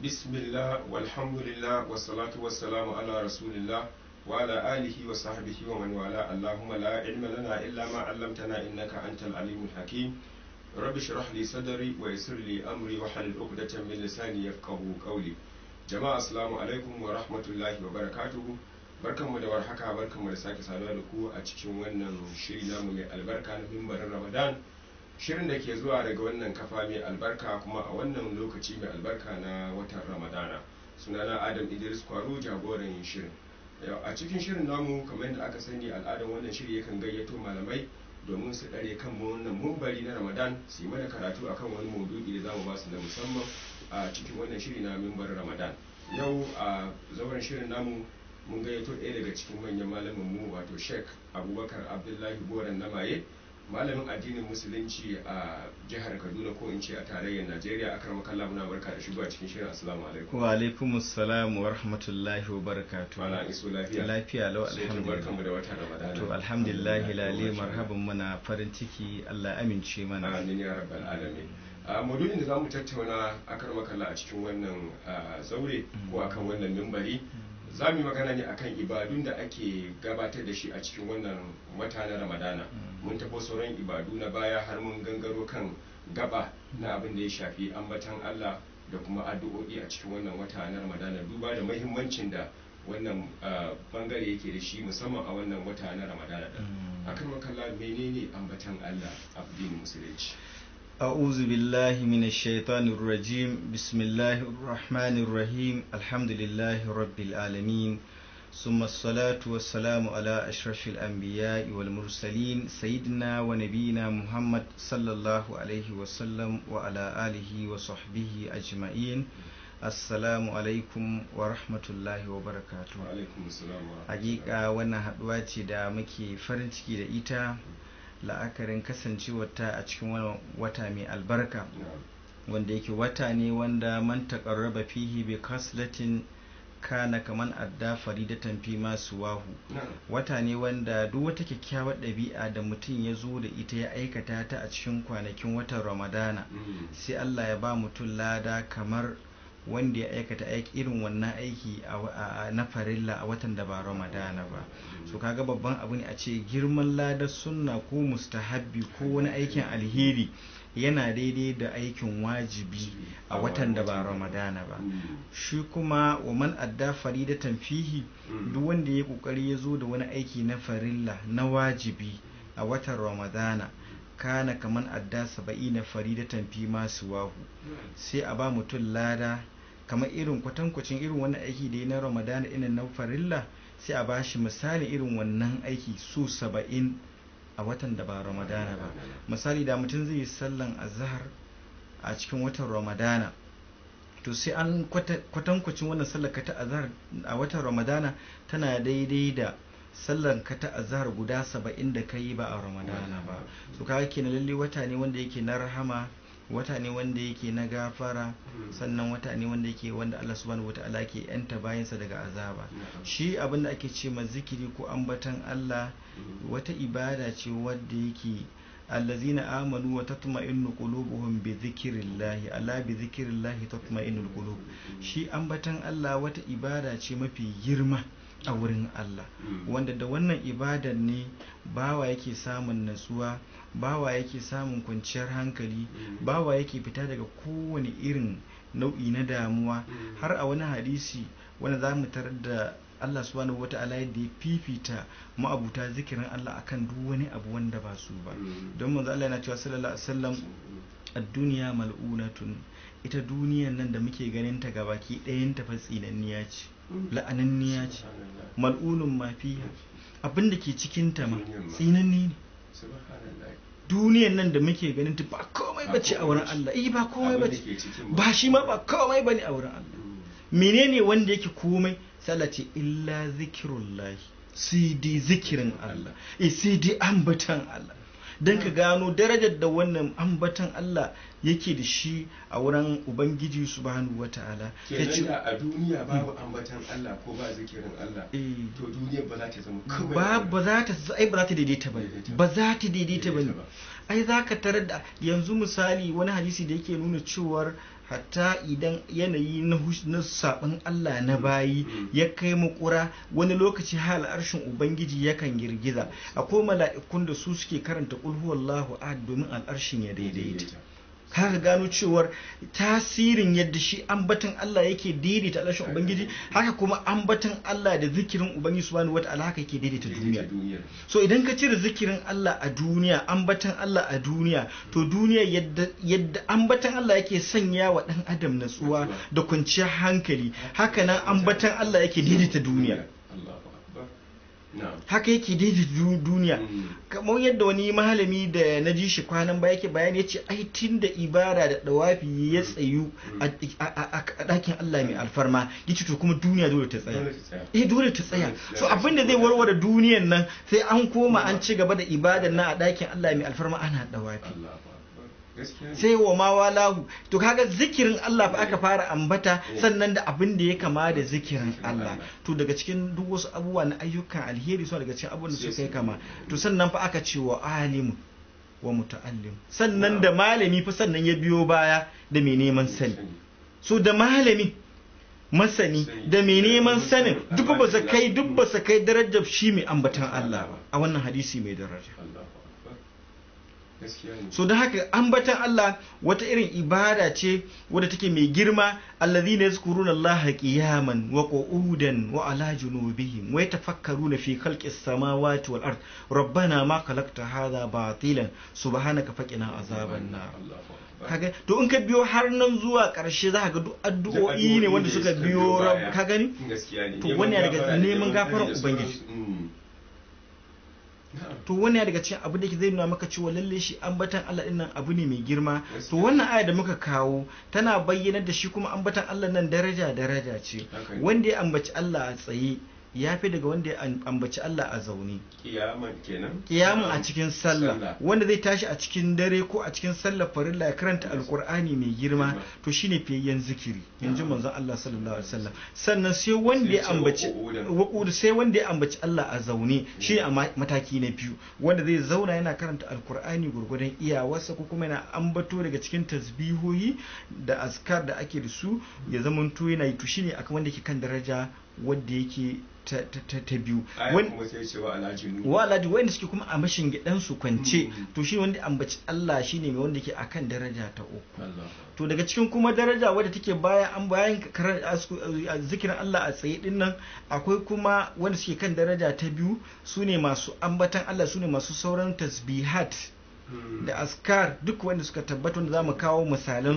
bismillah walhamdulillah wasalatu wassalamu ala rasulillah wa ala alihi wa sahbihi wa man wala allahumma la ilma lana illa ma 'allamtana innaka antal alimul hakim rabbi shrah li sadri wa yassir li amri wa halil 'uqdatan min lisani yafqahu qawli jama'a assalamu alaikum wa rahmatullahi wa barakatuh barkanmu da warhaka barkanmu da sake saduwa da ku a cikin wannan shiri namu mai albarka na mimbarin ramadan shirin da ke zuwa daga wannan kafa mai albarka kuma a wannan lokaci mai albarka na watan ramadana sunana adam idris kwaro jagoran shirin a cikin shirin namu kamar yadda aka sani al'adar wannan shiri yakan gayyato malamai domin su ɗare kan wannan mumbari na ramadan su yi mana karatu akan wani maudu'i da zamu basu da musamman a cikin wannan shiri na mimbar ramadan yau a zauren shirin namu mun gayyato ɗaya daga cikin manyan malamin mu wato sheik abubakar abdullahi goran maye. malamin addinin musulunci a jihar kaduna ko in ce a tarayyar najeriya a karamar kalla muna barka da shigowa a cikin shirin assalamu alaikum wa alaikum assalam wa rahmatullahi wa barakatuh ala iso lafiya lafiya lau alhamdulillah barkan mu da wata ramadan to alhamdulillah lale marhaban muna farin ciki Allah amince mana amin ya rabbal alamin modulin da zamu tattauna a karamar kalla a cikin wannan zaure ko akan wannan mimbari za mu yi magana ne akan ibadun da ake gabatar da shi a cikin wannan wata na ramadana mm. mun taɓo sauran ibadu na baya har mun gangaro kan gaba na abin da ya shafi ambatan allah da kuma addu'o'i a cikin wannan wata na ramadana duba da mahimmancin da wannan ah, bangare yake da shi musamman a wannan wata na ramadana da mm. akan wakala menene ambatan allah a musulunci أعوذ بالله من الشيطان الرجيم بسم الله الرحمن الرحيم الحمد لله رب العالمين ثم الصلاة والسلام على أشرف الأنبياء والمرسلين سيدنا ونبينا محمد صلى الله عليه وسلم وعلى آله وصحبه أجمعين assalamu alaikum wa rahmatullahi wa barakatu hakika wannan haduwa ce da muke farin ciki da ita la'akarin kasancewarta a cikin wata mai albarka wanda yake wata ne wanda man taƙarraba fihi bi kaslatin kana kaman adda faridatan fi masu wahu wata ne wanda duk wata kyakkyawar ɗabi'a da mutum ya zo da ita ya aikata ta a cikin kwanakin watan ramadana mm. sai allah ya ba mutum lada kamar wanda ya aikata irin wannan aiki na farilla a watan da ba ramadana ba so kaga babban abu ne a ce girman lada sunna ko mustahabbi ko wani aikin alheri yana daidai da aikin wajibi a watan da ba ramadana ba shi kuma wa man adda faridatan fihi duk wanda ya kokari ya zo da wani aiki na farilla na wajibi a watan ramadana kana kaman adda fari faridatan fi masu wahu sai a ba mutum lada kamar irin kwatankwacin irin wannan aiki da na ramadana ina na farilla sai a bashi misali irin wannan aiki su saba'in a watan da ba ramadana ba misali da mutum zai yi sallan azhar a cikin watan ramadana to sai an kwatankwacin wannan sallar ka ta azhar a watan ramadana tana daidai da sallar kata ta azhar guda saba'in da ka yi ba a ramadana ba su kaga kenan lalle wata ne wanda yake na rahama wata ne wanda yake na gafara sannan wata ne wanda yake wanda Allah subhanahu wataala ke yanta bayansa daga azaba shi abinda ake ce ma zikiri ko ambatan Allah wata ibada ce wadda yake allazina amanu wa tatma'innu qulubuhum bi dhikrillahi ala bi dhikrillahi tatma'innul qulub shi ambatan Allah wata ibada ce mafi girma a wurin Allah hmm. wanda da wannan ibadar ne bawa yake samun natsuwa bawa yake samun kwanciyar hankali hmm. bawa yake fita daga kowane irin nau'i na damuwa hmm. har a wani hadisi wanda za mu tarar da Allah subhanahu wata'ala da ya fifita ma'abuta zikirin Allah akan duk wani abu wanda ba su ba don manzo Allah yana cewa sallallahu alaihi wasallam ad-dunya mal'unatun ita duniyar nan da muke ganin ta gabaki ɗayan ta ce la'ananniya ce mal'unun mafiya abinda ke cikin ta ma tsinanni ne duniyan nan da muke ganin ta ba komai ba ce a wurin Allah eh ba komai ba ce ba shi ma ba komai ba ne a wurin Allah menene wanda yake komai salace illa zikirullahi sai dai zikirin Allah eh sai ambatan Allah don ka gano darajar da wannan ambatan Allah yake da shi a wurin ubangiji subhanahu wata'ala ya ce a duniya hmm. babu ambatan Allah ko ba zikirin Allah eh. to duniya ba za ta zama kawai ba ba za ta ai ba za ta daidaita ba ba za ta daidaita ba ai za ka tarar da yanzu misali wani hadisi da yake nuna cewar hatta idan yanayi na saɓin Allah na bayi mm. ya kai makura wani lokaci hal arshin ubangiji yakan girgiza akwai mala'ikun da su suke karanta kulhuwallahu ahad domin al'arshin ya daidaita ka gano cewar tasirin yadda shi ambatan Allah yake daidaita alashin ubangiji haka kuma ambatan Allah da zikirin ubangiji bani wata alaka yake daidaita duniya so idan ka cire zikirin Allah a duniya ambatan Allah a duniya to duniya yadda ambatan Allah yake sanya wa ɗan adam natsuwa da kwanciyar hankali haka nan ambatan Allah yake daidaita duniya haka yake daidai duniya mm. kamar yadda wani malami da na ji shi kwanan baya yake bayan ya ce ai tun da ibada da dawafi ya tsayu mm. a ɗakin Allah mai alfarma ya ce to kuma duniya dole ta tsaya eh dole ta tsaya so abin da zai warware duniyan nan sai an koma an mm. ci gaba da ibada na a ɗakin Allah mai alfarma ana dawafi sai wa ma walahu to kaga zikirin Allah fa aka fara ambata eh. sannan da abin da ya kama da zikirin Allah to daga cikin duk wasu abubuwa na ayyukan alheri su daga cikin abubuwan da suka yi kama to sannan fa aka ce wa alim wa muta'allim sannan da malami fa sannan ya biyo baya da mai neman sani so da malami masani da mai neman sanin duk ba sa kai duk ba sa kai darajar shi mai ambatan Allah ba a wannan hadisi mai daraja so da haka ambatan Allah wata irin ibada ce wadda take mai girma allazina na Allah qiyaman wa ƙo'udan wa wai ta fakkaru na fi khalqis samawati wal ard rabbana ma khalaqta hadha batilan subhanaka faqina azaban na kaga to in ka biyo har nan zuwa ƙarshe za ga duk addu'o'i ne wanda suka biyo ka gani to wani daga neman gafarar ubangiji mm. to wannan daga cikin abu da ke zai nuna maka cewa lalle shi ambatan Allah din nan abu ne mai girma to wannan aya da muka kawo tana bayyanar da shi kuma ambatan Allah nan daraja daraja ce wanda ya ambaci Allah a tsaye ya fi daga wanda ya ambaci Allah a zaune kiyamun a cikin sallah wanda zai tashi a cikin dare ko a cikin sallah farilla ya karanta alkur'ani mai girma to shine fiyayyen zikiri ji manzon Allah sallallahu alaihi wasallam sannan sai wanda ya ambaci sai wanda ya ambaci Allah a zaune shi a mataki na biyu wanda zai zauna yana karanta alkur'ani gurgudan iyawarsa ko kuma yana ambato daga cikin tasbihohi da azkar da ake da su ya zamanto yana yi to shine akan wanda yake kan daraja wadda yake ta biyu wa alhaji wanda suke kuma a mashin gidan su kwance hmm. to shi wanda ambaci Allah ne mai wanda a akan daraja ta uku to daga cikin kuma daraja wadda take bayan an bayan zikirin Allah a tsaye din nan akwai kuma wanda suke kan daraja ta biyu su ne masu ambatan Allah su ne masu sauran tasbihat hmm. da askar duk wanda suka tabbata wanda mu kawo misalan